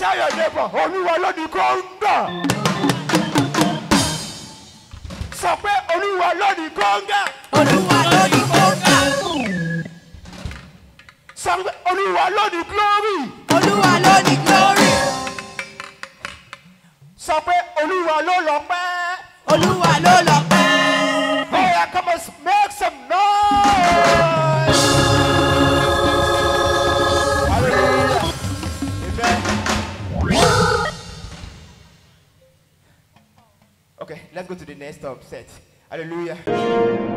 tell your neighbor olúwa lónìí kó ń gbà. sọ pé olúwa lónìí kó ń gbà. olúwa lónìí kó ń gbà. sọ pé olúwa lónìí glory. olúwa lónìí glory. sọ pé olúwa ló lọ pẹ́. olúwa ló lọ pẹ́. ó yẹ Okay, let's go to the next stop set. Hallelujah.